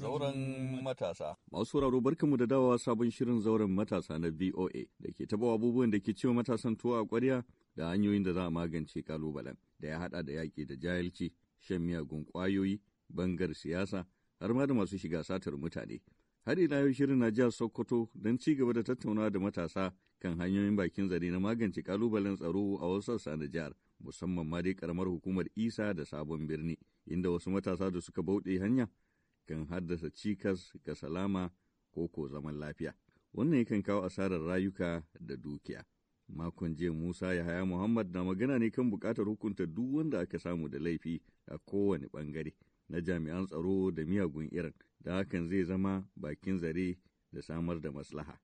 zauren matasa. Masu sauraro barkanmu da dawowa sabon shirin zauren matasa na VOA da ke taba abubuwan da ke cewa matasan tuwa a kwarya da hanyoyin da za a magance kalubalen da ya haɗa da yaƙi da jahilci, shan miyagun kwayoyi bangar siyasa, har ma da masu shiga satar mutane. Har ina yau shirin na jihar Sokoto don ci gaba da tattaunawa da matasa kan hanyoyin bakin zare na magance kalubalen tsaro a wasu sassa na jihar, musamman ma dai karamar hukumar Isa da Sabon Birni, inda wasu matasa da suka bauɗe hanya kan haddasa cikas ga salama ko ko zaman lafiya. Wannan yakan kawo asarar rayuka da dukiya. Makon jiya Musa ya haya Muhammad na magana ne kan bukatar hukunta duk wanda aka samu da laifi a kowane ɓangare na jami'an tsaro da miyagun irin, da hakan zai zama bakin zare da samar da maslaha.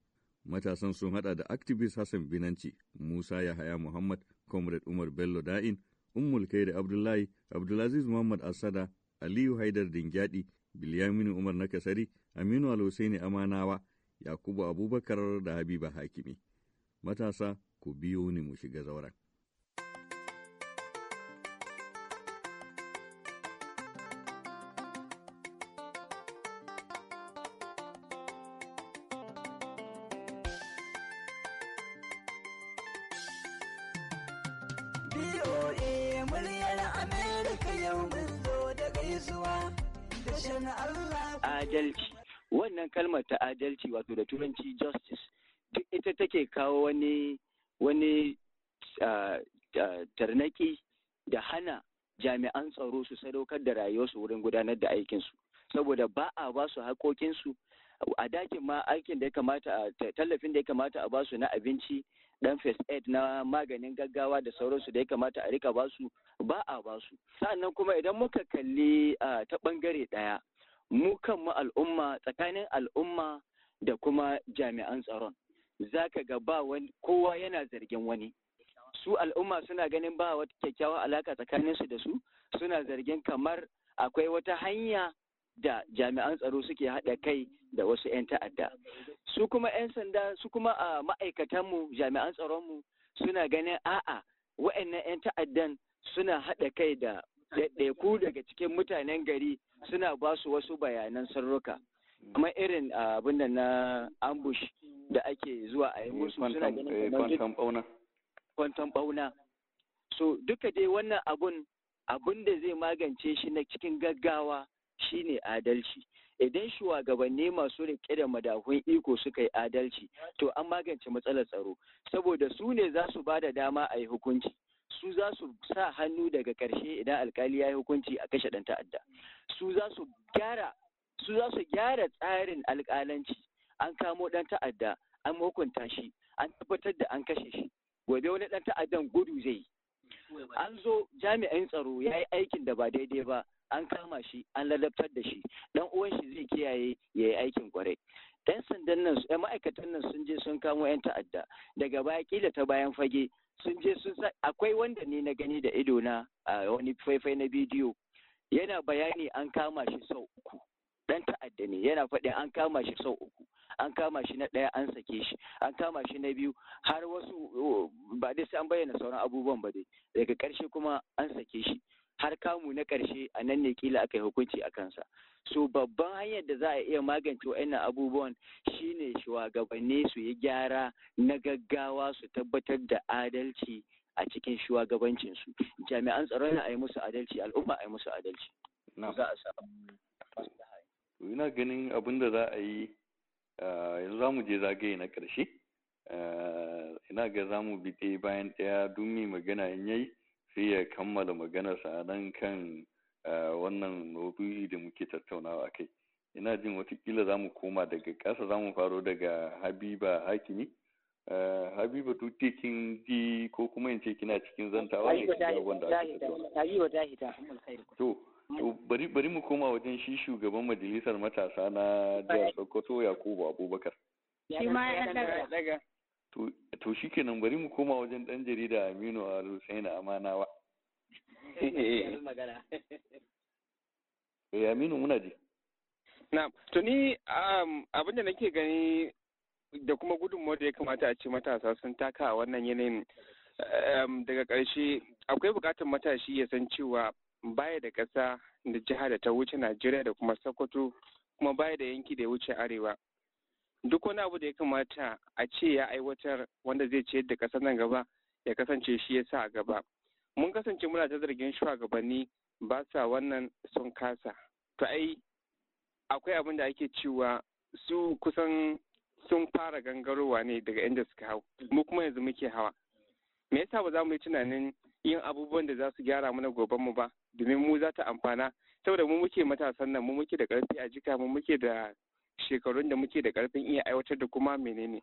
Matasan sun hada da activist Hassan Binanci, Musa ya haya Muhammad, Comrade Umar Bello Da'in, Ummul da Abdullahi, Abdulaziz Muhammad Asada, Aliyu Haidar Dingyadi, Bilyaminu Umar na Kasari, Aminu Alhussaini Amanawa, Yakubu Abubakar da Habiba Hakimi. Matasa, ku biyo ni mu shiga zauren. Yeah. muryar yau da gaisuwa. adalci wannan kalmar ta adalci wato da turanci justice duk ita take kawo wani wani tarnaki da hana jami'an tsaro su sadaukar da rayuwarsu wurin gudanar da aikinsu saboda ba a ba su haƙoƙinsu a dakin ma aikin da ya kamata tallafin da ya kamata a basu na abinci dan first aid na maganin gaggawa da sauransu da ya kamata a rika basu ba a basu sa'annan kuma idan muka kalli ta bangare daya mu kanmu al'umma tsakanin al'umma da kuma jami'an tsaron za ka ga ba wani kowa yana zargin wani su al'umma suna ganin ba wata kyakkyawar alaka tsakaninsu da su suna zargin kamar akwai wata hanya da jami'an tsaro suke haɗa kai da wasu 'yan ta'adda su kuma 'yan sanda su kuma a ma'aikatanmu jami'an tsaronmu suna ganin a'a wa'annan 'yan ta'addan suna haɗa kai da ɗaiɗaiku daga cikin mutanen gari suna ba su wasu bayanan sarruka amma irin abin da na ambush da ake zuwa a yi eh, musu suna ganin eh, kwanton ɓauna so duka dai wannan abun abun da zai magance shi na cikin gaggawa shine adalci idan shugabanni masu rike da madahun iko suka yi adalci to an magance matsalar tsaro saboda su ne za su ba da dama a yi hukunci su za su sa hannu daga ƙarshe idan alkali ya yi hukunci a kashe ɗan ta'adda su za su gyara su za su gyara tsarin alƙalanci an kamo ɗan ta'adda an hukunta shi an tabbatar da an kashe shi gobe wani ɗan ta'addan gudu zai yi. an zo jami'an tsaro ya yi aikin da ba daidai ba an kama shi an lalabtar da shi dan uwan shi zai kiyaye ya yi aikin kwarai dan sandan nan 'yan ma'aikatan nan sun je sun kamo yan ta'adda daga baya kila ta bayan fage sun je sun sa akwai wanda ne na gani da ido na a wani faifai na bidiyo yana bayani an kama shi sau uku dan ta'adda ne yana faɗin an kama shi sau uku an kama shi na ɗaya an sake shi an kama shi na biyu har wasu uh, ba dai sai an bayyana sauran abubuwan ba dai daga ƙarshe kuma an sake shi har kamu na ƙarshe a nan ne kila aka yi hukunci a kansa so babban hanyar da za a iya magance wa'annan abubuwan shine shugabanni su yi gyara na gaggawa su tabbatar da adalci a cikin shugabancinsu jami'an tsaron a yi musu adalci al'umma a yi musu adalci za a samu ina ganin abin da za a yi Eh, yanzu za mu je zagaye na ƙarshe eh, ina ga za mu bi bayan ɗaya duk magana in yayi sai ya kammala sa nan kan eh, wannan maudu'i da muke tattaunawa a kai ina jin watakila za mu koma daga ƙasa za mu faro daga habiba hakimi habiba duk kin ji ko kuma in ce kina cikin zantawa ne wanda ake tattaunawa bari bari mu koma wajen shi shugaban majalisar matasa na jihar Sokoto Yakubu Abubakar. Shi ma ya daga. To shi kenan bari mu koma wajen ɗan jarida Aminu Al-Husaini Amanawa. Eh, eh, eh. eh Aminu muna ji. na to ni um, abin da nake gani da kuma gudunmu da ya kamata a ce matasa sun taka a wannan yanayin um, daga ƙarshe akwai buƙatar matashi ya san cewa baya da ƙasa da jiha da ta wuce Najeriya da kuma Sokoto kuma baya da yanki da ya wuce Arewa. Duk wani abu da ya kamata a ce ya aiwatar wanda zai ciyar da ƙasar nan gaba ya kasance shi ya sa a gaba. Mun kasance muna ta zargin shugabanni ba sa wannan sun kasa. To ai akwai abin da ake cewa su kusan sun fara gangarowa ne daga inda suka hau mu kuma yanzu muke hawa me yasa ba za mu yi tunanin yin abubuwan da za su gyara mana gobe mu ba domin mu za ta amfana saboda mu muke matasan nan mu muke da karfi a jika mu muke da shekarun da muke da karfin iya aiwatar da kuma menene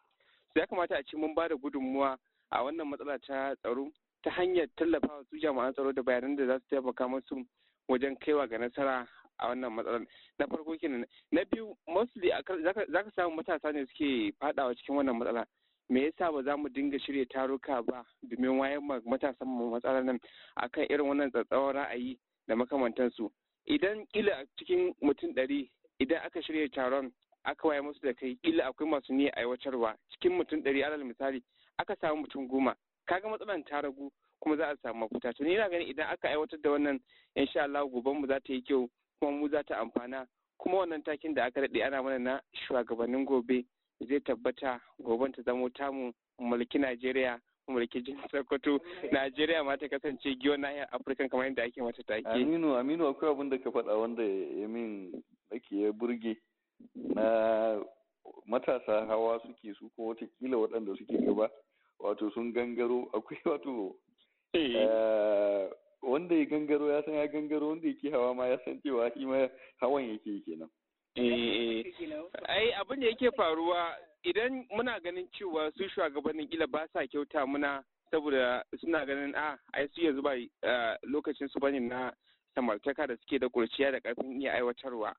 ya kamata a ce mun ba da gudunmuwa a wannan matsala ta tsaro ta hanyar tallafawa su jama'an tsaro da bayanan da za su taimaka musu wajen kaiwa ga nasara a wannan matsalar na farko kenan na biyu mostly za ka samu matasa ne suke fadawa cikin wannan matsala me yasa ba za mu dinga shirya taruka ba domin wayar matasan mu matsalar nan akan irin wannan tsatsawar ra'ayi da makamantansu idan kila cikin mutum ɗari idan aka shirya taron aka waye musu da kai kila akwai masu niyya aiwatarwa cikin mutum ɗari alal misali aka samu mutum goma kaga matsalar ta ragu kuma za a samu mafita to ni na ganin idan aka aiwatar da wannan insha Allah goban mu za ta yi kyau kuma mu za ta amfana kuma wannan takin da aka daɗe ana mana na shugabannin gobe zai tabbata goben ta zamo tamu mulki Najeriya mulki jin Sokoto Najeriya ma ta kasance giwon nahiyar Afirka kamar yadda ake mata take. Aminu Aminu akwai abin da ka faɗa wanda ya min nake ya burge na matasa hawa suke su ko watakila waɗanda suke gaba wato sun gangaro akwai wato eh. Eh, wanda ya gangaro ya san ya gangaro wanda yake hawa ma ya san cewa shi ma hawan yake kenan. Eh, ai abin da yake faruwa idan muna ganin cewa su shugabannin kila ba sa kyauta muna saboda suna ganin a ah, ai su yanzu ba eh, lokacin su bane na samartaka da suke da kurciya da karfin iya aiwatarwa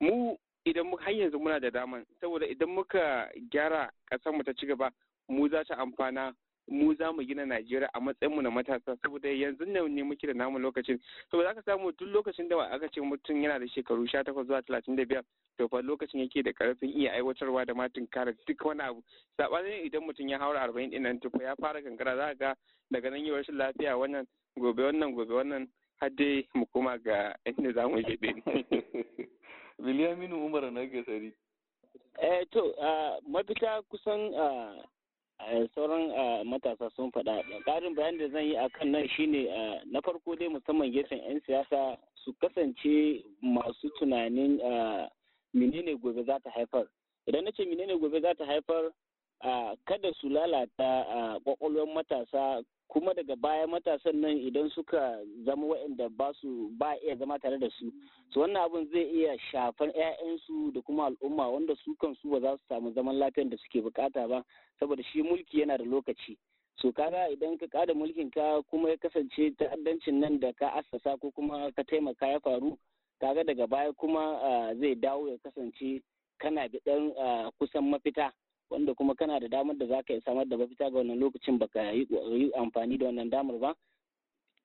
mu idan mu har yanzu muna da daman saboda idan muka gyara kasar mu ta ci gaba mu za ta amfana mu za mu gina Najeriya a matsayin mu na matasa saboda yanzu ne ne muke da namu lokacin saboda aka samu duk lokacin da aka ce mutum yana da shekaru 18 zuwa 35 to fa lokacin yake da karfin iya aiwatarwa da matin kare duk wani abu sabanin idan mutum ya haura 40 din nan to ya fara kankara za ga daga nan yi rashin lafiya wannan gobe wannan gobe wannan har dai mu koma ga inda zamu je din Biliyaminu Umar na gasari. Eh to mafita kusan sauran matasa sun faɗa ƙarin bayan da zan yi a kan nan shine na farko dai musamman gefen 'yan siyasa su kasance masu tunanin menene gobe za ta haifar idan na ce menene gobe za ta haifar kada su lalata kwakwalwar matasa kuma daga baya matasan nan idan suka zama waɗanda ba su ba iya zama tare da su su wannan abin zai iya shafar 'ya'yansu da kuma al'umma wanda su kan su ba za su samu zaman lafiyar da suke bukata ba saboda shi mulki yana da lokaci so kaga idan ka kada mulkin ka kuma ya kasance ta'addancin nan da ka assasa ko kuma ka taimaka ya faru kaga daga baya kuma ah, zai dawo ya kasance kana da dan ah, kusan mafita wanda kuma kana da damar da zaka iya samar da mafita ga wannan lokacin baka yi amfani da wannan damar ba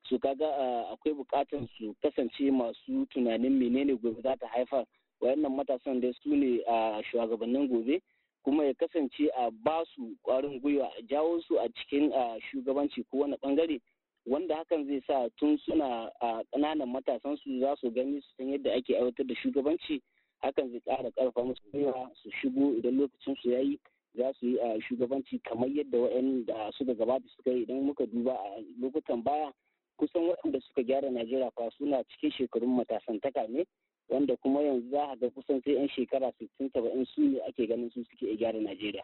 su kaga ah, akwai bukatar su kasance masu tunanin menene gobe za ta haifar wayannan matasan dai su ne a ah, shugabannin gobe kuma ya kasance a ba su kwarin gwiwa a jawo su a cikin ah, shugabanci ko wani bangare wanda hakan zai sa tun suna a ƙananan matasan su za su gani su san yadda ake aiwatar da shugabanci hakan zai ƙara ƙarfa musu gwiwa su shigo idan lokacin su yayi za su yi eh, shugabanci kamar yadda waɗanda suka gabata suka yi idan muka duba a lokutan baya kusan waɗanda suka gyara najeriya fa suna cikin shekarun matasan taka ne wanda kuma yanzu za a ga kusan sai 'yan shekara sittin saba'in su ne ake ganin su suke gyara najeriya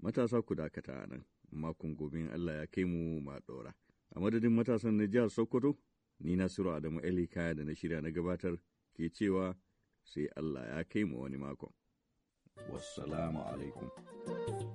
matasa ku dakata a nan makon gobe allah ya kai mu ma ɗora a madadin matasan na jihar sokoto ni nasiru adamu eli kaya da na shirya na gabatar ke cewa sai allah ya kai mu wani makon والسلام عليكم